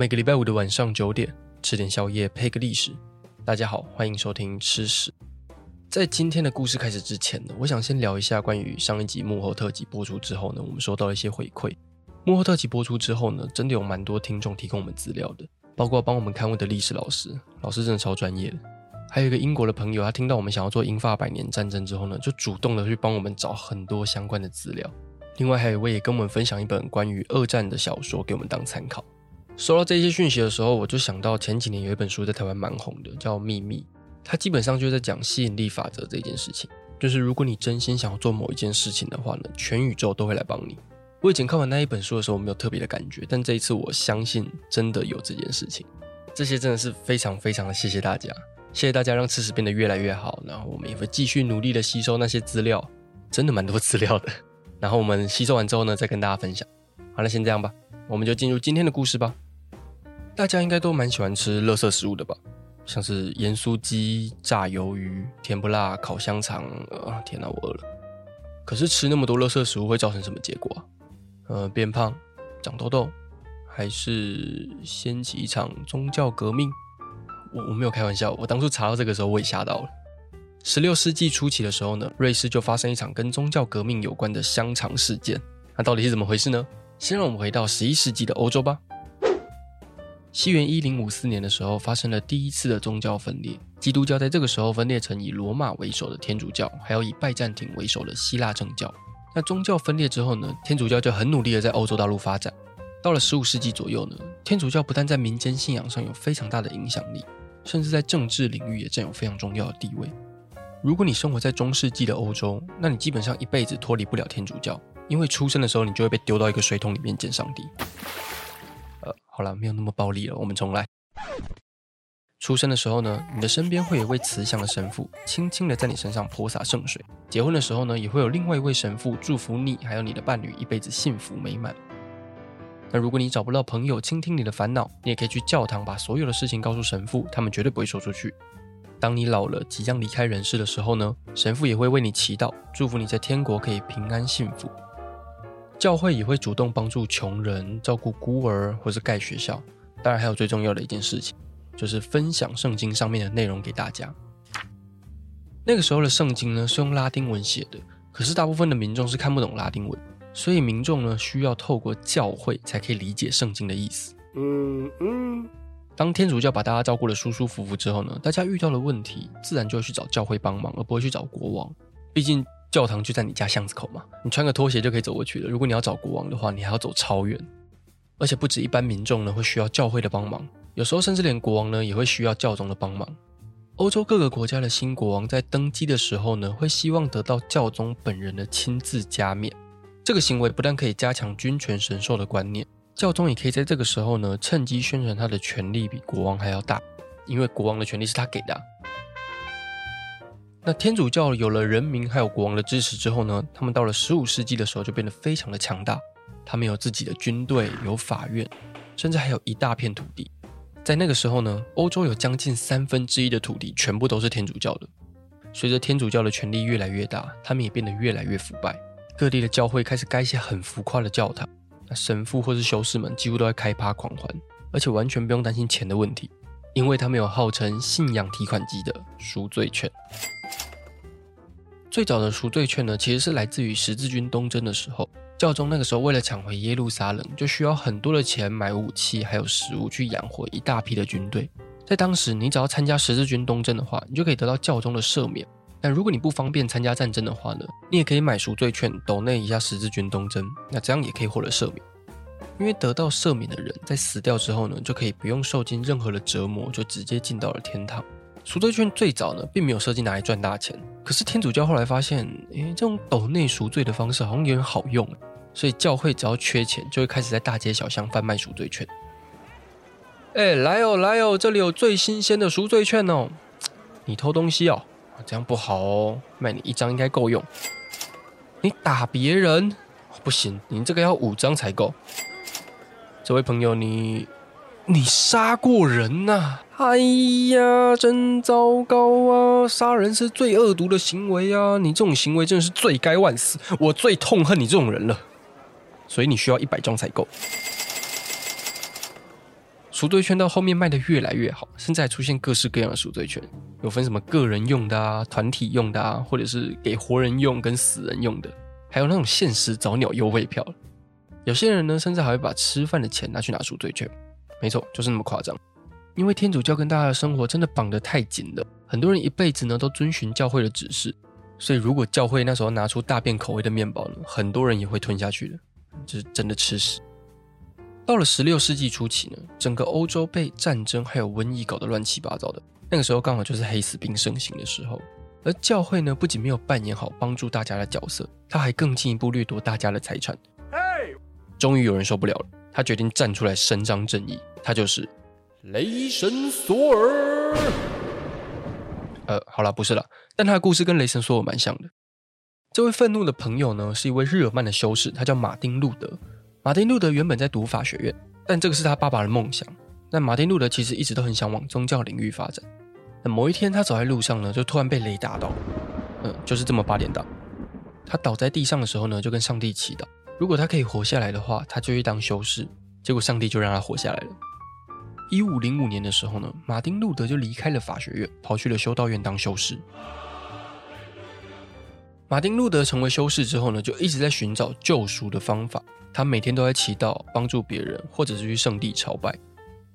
每個禮拜五的晚上九點，吃點宵夜，配個歷史。大家好，歡迎收聽吃史。在今天的故事開始之前呢，我想先聊一下關於上一集幕後特輯播出之後呢，我們收到了一些回饋。幕後特輯播出之後呢，真的有蠻多聽眾提供我們資料的，包括幫我們看問的歷史老師，老師真的超專業。還有一個英國的朋友，他聽到我們想要做英法百年戰爭之後呢，就主動的去幫我們找很多相關的資料。另外還有位也跟我們分享一本關於二戰的小說給我們當參考。收到這些訊息的時候，我就想到前幾年有一本書在台灣蠻紅的，叫《祕密》，它基本上就在講吸引力法則這件事情。就是如果你真心想要做某一件事情的話呢，全宇宙都會來幫你。我以前看完那一本書的時候，我沒有特別的感覺，但這一次我相信真的有這件事情。這些真的是非常非常的謝謝大家，謝謝大家讓吃史變得越來越好。然後我們也會繼續努力的吸收那些資料，真的蠻多資料的。 然後我們吸收完之後呢，再跟大家分享。好了，那先這樣吧，我們就進入今天的故事吧。大家應該都蠻喜歡吃垃圾食物的吧，像是鹽酥雞、炸魷魚、甜不辣、烤香腸。呃、啊，天哪，啊，我餓了。可是吃那麼多垃圾食物會造成什麼結果啊？呃，變胖、長痘痘，還是掀起一場宗教革命？我我沒有開玩笑，我當初查到這個時候我也嚇到了。十六世紀初期的時候呢，瑞士就發生一場跟宗教革命有關的香腸事件。那、啊、到底是怎麼回事呢？先讓我們回到十一世紀的歐洲吧。西元一零五四年的時候，發生了第一次的宗教分裂。基督教在這個時候分裂成以羅馬為首的天主教，還有以拜占庭為首的希臘正教。那宗教分裂之後呢，天主教就很努力的在歐洲大陸發展。到了十五世紀左右呢，天主教不但在民間信仰上有非常大的影響力，甚至在政治領域也占有非常重要的地位。如果你生活在中世紀的歐洲，那你基本上一輩子脫離不了天主教，因為出生的時候你就會被丟到一個水桶裡面見上帝。呃，好了，沒有那麼暴力了。我們重來。出生的時候呢，你的身邊會有一位慈祥的神父，輕輕的在你身上潑灑聖水。結婚的時候呢，也會有另外一位神父祝福你，還有你的伴侶一輩子幸福美滿。那如果你找不到朋友傾聽你的煩惱，你也可以去教堂把所有的事情告訴神父，他們絕對不會說出去。當你老了，即將離開人世的時候呢，神父也會為你祈禱，祝福你在天國可以平安幸福。教會也會主動幫助窮人、照顧孤兒，或是蓋學校。當然，還有最重要的一件事情，就是分享聖經上面的內容給大家。那個時候的聖經呢，是用拉丁文寫的，可是大部分的民眾是看不懂拉丁文，所以民眾呢，需要透過教會才可以理解聖經的意思。嗯嗯。嗯，當天主教把大家照顧的舒舒服服之後呢，大家遇到的問題自然就會去找教會幫忙，而不會去找國王。畢竟。教堂就在你家巷子口嘛，你穿個拖鞋就可以走過去了。如果你要找國王的話，你還要走超遠，而且不止一般民眾呢會需要教會的幫忙，有時候甚至連國王呢也會需要教宗的幫忙。歐洲各個國家的新國王在登基的時候呢，會希望得到教宗本人的親自加冕。這個行為不但可以加強君權神授的觀念，教宗也可以在這個時候呢趁機宣傳他的權力比國王還要大，因為國王的權力是他給的啊。那天主教有了人民還有國王的支持之後呢，他們到了十五世紀的時候就變得非常的強大。他們有自己的軍隊、有法院，甚至還有一大片土地。在那個時候呢，歐洲有將近三分之一的土地全部都是天主教的。隨着天主教的權力越來越大，他們也變得越來越腐敗。各地的教會開始蓋一些很浮誇的教堂，那神父或是修士們幾乎都在開趴狂歡，而且完全不用擔心錢的問題。因為他們有號稱“信仰提款機”的贖罪券。最早的贖罪券呢，其實是來自於十字軍東征的時候，教宗那個時候為了搶回耶路撒冷，就需要很多的錢買武器，還有食物去養活一大批的軍隊。在當時，你只要參加十字軍東征的話，你就可以得到教宗的赦免。但如果你不方便參加戰爭的話呢，你也可以買贖罪券，抖內一下十字軍東征，那這樣也可以獲得赦免。因為得到赦免的人，在死掉之後呢，就可以不用受盡任何的折磨，就直接進到了天堂。贖罪券最早呢，並沒有設計拿來賺大錢。可是天主教後來發現，誒，這種鬥內贖罪的方式好像有點好用，所以教會只要缺錢，就會開始在大街小巷販賣贖罪券。哎，來哦，來哦，這裡有最新鮮的贖罪券哦。你偷東西哦，這樣不好哦。賣你一張應該夠用。你打別人，哦、不行，你這個要五張才夠。這位朋友，你，你殺過人吶、啊？哎呀，真糟糕啊！殺人是最惡毒的行為啊！你這種行為真的是罪該萬死，我最痛恨你這種人了。所以你需要一百張才夠。贖罪券到後面賣得越來越好，現在還出現各式各樣的贖罪券，有分什麼個人用的啊、團體用的啊，或者是給活人用跟死人用的，還有那種限時早鳥優惠票。有些人呢，甚至還會把吃飯的錢拿去拿贖罪券。沒錯，就是那麼誇張。因為天主教跟大家的生活真的綁得太緊了，很多人一輩子呢都遵循教會的指示。所以如果教會那時候拿出大便口味的麵包呢，很多人也會吞下去的，這、就是真的吃屎。到了十六世紀初期呢，整個歐洲被戰爭還有瘟疫搞得亂七八糟的。那個時候剛好就是黑死病盛行的時候，而教會呢不僅沒有扮演好幫助大家的角色，他還更進一步掠奪大家的財產。終於有人受不了了，他決定站出來伸張正義。他就是雷神索爾。呃，好了，不是了。但他的故事跟雷神索爾蠻像的。這位憤怒的朋友呢，是一位日耳曼的修士，他叫馬丁路德。馬丁路德原本在讀法學院，但這個是他爸爸的夢想。那馬丁路德其實一直都很想往宗教領域發展。那某一天，他走在路上呢，就突然被雷打到。嗯、呃，就是這麼八點到，他倒在地上的時候呢，就跟上帝祈禱。如果他可以活下來的話，他就去當修士。結果上帝就讓他活下來了。一五零五年的時候呢，馬丁路德就離開了法學院，跑去了修道院當修士。馬丁路德成為修士之後呢，就一直在尋找救贖的方法。他每天都在祈禱，幫助別人，或者是去聖地朝拜。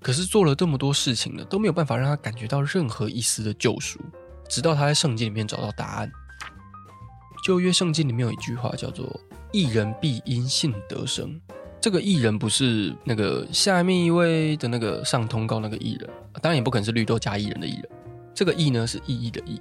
可是做了這麼多事情呢，都沒有辦法讓他感覺到任何一絲的救贖。直到他在聖經裡面找到答案。舊約聖經裡面有一句話叫做。義人必因信得生。這個“義人”不是那個下面一位的那個上通告那個“藝人”，當然也不可能是綠豆加“薏仁”的“薏仁”。這個“義”呢，是意義的“義”。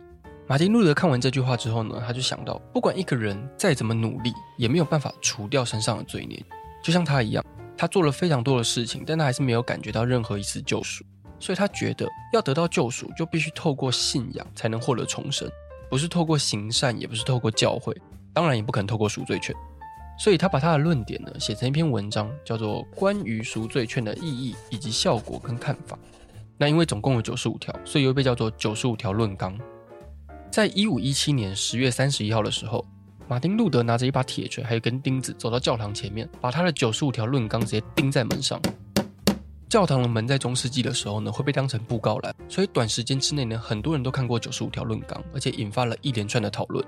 馬丁路德看完這句話之後呢，他就想到，不管一個人再怎麼努力，也沒有辦法除掉身上的罪孽，就像他一樣，他做了非常多的事情，但他還是沒有感覺到任何一次救贖。所以他覺得，要得到救贖，就必須透過信仰才能獲得重生，不是透過行善，也不是透過教會，當然也不肯透過贖罪券。所以他把他的論點呢，寫成一篇文章，叫做《關於贖罪券的意義以及效果跟看法》。那因為總共有九十五條，所以又被叫做《九十五條論綱》。在一五一七年十月三十一號的時候，馬丁·路德拿着一把鐵錘，還有一根釘子，走到教堂前面，把他的《九十五條論綱》直接釘在門上。教堂的門在中世紀的時候呢，會被當成布告欄，所以短時間之內呢，很多人都看過《九十五條論綱》，而且引發了一連串的討論。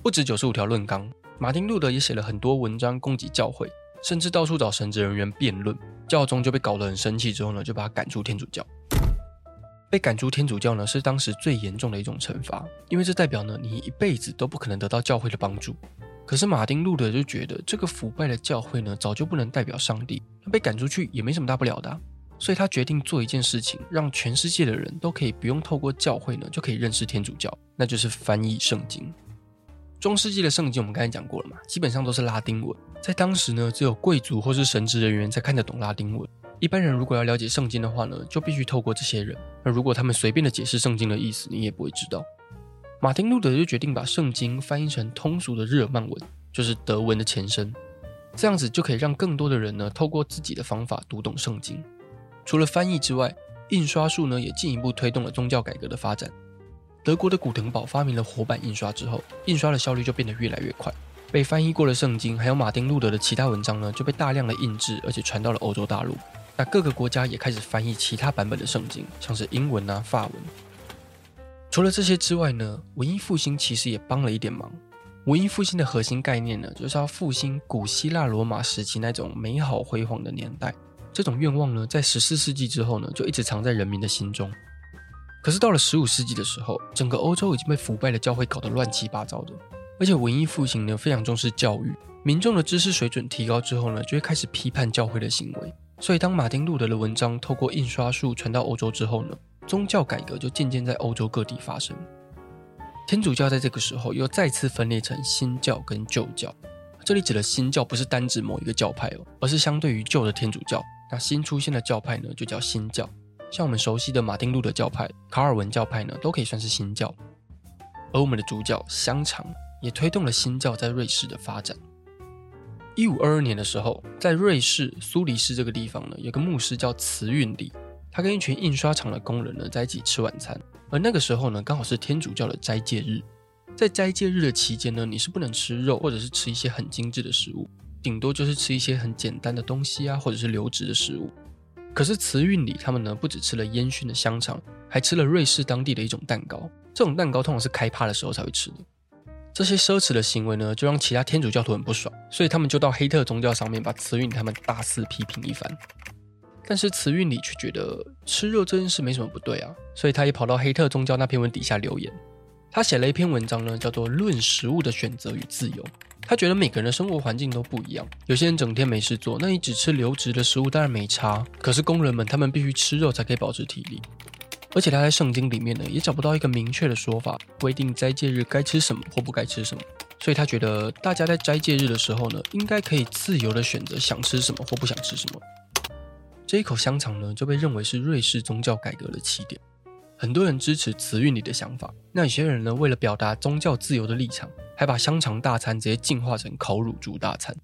不止《九十五條論綱》。馬丁路德也寫了很多文章攻擊教會，甚至到處找神職人員辯論，教宗就被搞得很生氣。之後呢，就把他趕出天主教。被趕出天主教呢，是當時最嚴重的一種懲罰，因為這代表呢，你一輩子都不可能得到教會的幫助。可是馬丁路德就覺得，這個腐敗的教會呢，早就不能代表上帝，被趕出去也沒什麼大不了的啊。所以他決定做一件事情，讓全世界的人都可以不用透過教會呢，就可以認識天主教，那就是翻譯聖經。中世紀的聖經，我們剛才講過了嘛，基本上都是拉丁文。在當時呢，只有貴族或是神職人員才看得懂拉丁文。一般人如果要了解聖經的話呢，就必須透過這些人。而如果他們隨便的解釋聖經的意思，你也不會知道。馬丁路德就決定把聖經翻譯成通俗的日耳曼文，就是德文的前身。這樣子就可以讓更多的人呢，透過自己的方法讀懂聖經。除了翻譯之外，印刷術呢，也進一步推動了宗教改革的發展。德國的古騰堡發明了活版印刷之後，印刷的效率就變得越來越快。被翻譯過的聖經，還有馬丁路德的其他文章呢，就被大量的印製，而且傳到了歐洲大陸。那各個國家也開始翻譯其他版本的聖經，像是英文啊、法文。除了這些之外呢，文藝復興其實也幫了一點忙。文藝復興的核心概念呢，就是要復興古希臘羅馬時期那種美好輝煌的年代。這種願望呢，在十四世紀之後呢，就一直藏在人民的心中。可是到了十五世紀的時候，整個歐洲已經被腐敗的教會搞得亂七八糟的。而且文藝復興呢，非常重視教育，民眾的知識水準提高之後呢，就會開始批判教會的行為。所以當馬丁·路德的文章透過印刷術傳到歐洲之後呢，宗教改革就漸漸在歐洲各地發生。天主教在這個時候又再次分裂成新教跟舊教。這裡指的新教不是單指某一個教派哦，而是相對於舊的天主教。那新出現的教派呢，就叫新教。像我們熟悉的馬丁路德教派、卡爾文教派呢，都可以算是新教。而我們的主角香腸也推動了新教在瑞士的發展。一五二二年的時候，在瑞士蘇黎世這個地方呢，有個牧師叫慈運里，他跟一群印刷廠的工人呢在一起吃晚餐。而那個時候呢，剛好是天主教的齋戒日。在齋戒日的期間呢，你是不能吃肉，或者是吃一些很精緻的食物，頂多就是吃一些很簡單的東西啊，或者是流質的食物。可是慈運禮他們呢，不只吃了煙燻的香腸，還吃了瑞士當地的一種蛋糕。這種蛋糕通常是開趴的時候才會吃的。這些奢侈的行為呢，就讓其他天主教徒很不爽，所以他們就到黑特宗教上面把慈運禮他們大肆批評一番。但是慈運禮卻覺得吃肉這件事沒什麼不對啊，所以他也跑到黑特宗教那篇文底下留言。他寫了一篇文章呢，叫做《論食物的選擇與自由》。他覺得每個人的生活環境都不一樣，有些人整天沒事做，那你只吃流質的食物當然沒差。可是工人們，他們必須吃肉才可以保持體力。而且他在聖經裡面呢，也找不到一個明確的說法，規定齋戒日該吃什麼或不該吃什麼。所以他覺得大家在齋戒日的時候呢，應該可以自由的選擇想吃什麼或不想吃什麼。這一口香腸呢，就被認為是瑞士宗教改革的起點。很多人支持慈運理的想法，那有些人呢，為了表達宗教自由的立場，還把香腸大餐直接進化成烤乳豬大餐。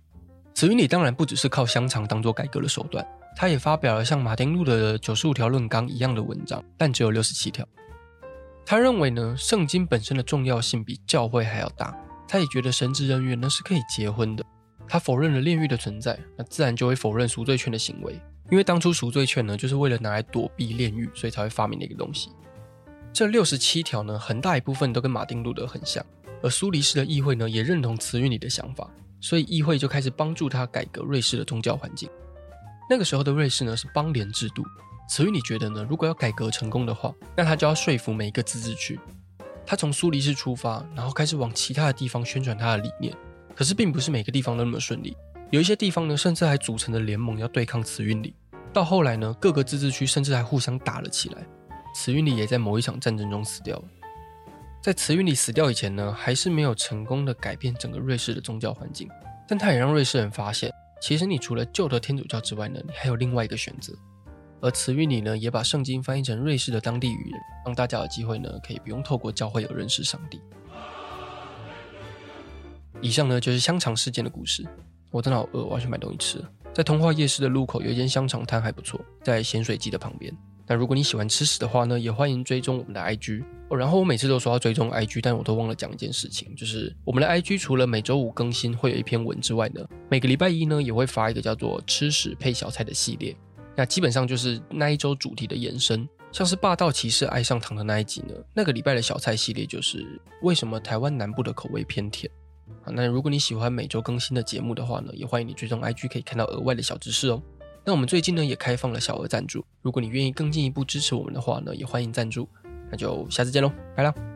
慈運理當然不只是靠香腸當做改革的手段，他也發表了像馬丁路德的《九十五條論綱》一樣的文章，但只有六十七條。他認為呢，聖經本身的重要性比教會還要大，他也覺得神職人員呢是可以結婚的。他否認了煉獄的存在，那自然就會否認贖罪券的行為。因為當初贖罪券呢，就是為了拿來躲避煉獄，所以才會發明的一個東西。這六十七條呢，很大一部分都跟馬丁路德很像，而蘇黎世的議會呢，也認同慈運理的想法，所以議會就開始幫助他改革瑞士的宗教環境。那個時候的瑞士呢，是邦聯制度。慈運理覺得呢，如果要改革成功的話，那他就要說服每一個自治區。他從蘇黎世出發，然後開始往其他的地方宣傳他的理念。可是，並不是每個地方都那麼順利。有一些地方呢，甚至還組成了聯盟要對抗慈運理。到後來呢，各個自治區甚至還互相打了起來。慈運理也在某一場戰爭中死掉了。在慈運理死掉以前呢，還是沒有成功的改變整個瑞士的宗教環境。但他也讓瑞士人發現，其實你除了舊的天主教之外呢，你還有另外一個選擇。而慈運理呢，也把聖經翻譯成瑞士的當地語言，讓大家有機會呢，可以不用透過教會來認識上帝。以上呢，就是香腸事件的故事。我真的好餓，我要去買東西吃。在通化夜市的路口有一間香腸攤，還不錯，在鹹水雞的旁邊。那如果你喜歡吃史的話呢，也歡迎追蹤我們的 IG。哦，然後我每次都說要追蹤 IG，但我都忘了講一件事情，就是我們的 IG 除了每週五更新會有一篇文之外呢，每個禮拜一呢也會發一個叫做“吃史配小菜”的系列。那基本上就是那一週主題的延伸，像是霸道騎士愛上糖的那一集呢，那個禮拜的小菜系列就是為什麼台灣南部的口味偏甜。那如果你喜歡每周更新的節目的話呢，也歡迎你追蹤 IG，可以看到額外的小知識哦。那我們最近呢也開放了小額贊助，如果你願意更進一步支持我們的話呢，也歡迎贊助。那就下次見嘍，拜啦。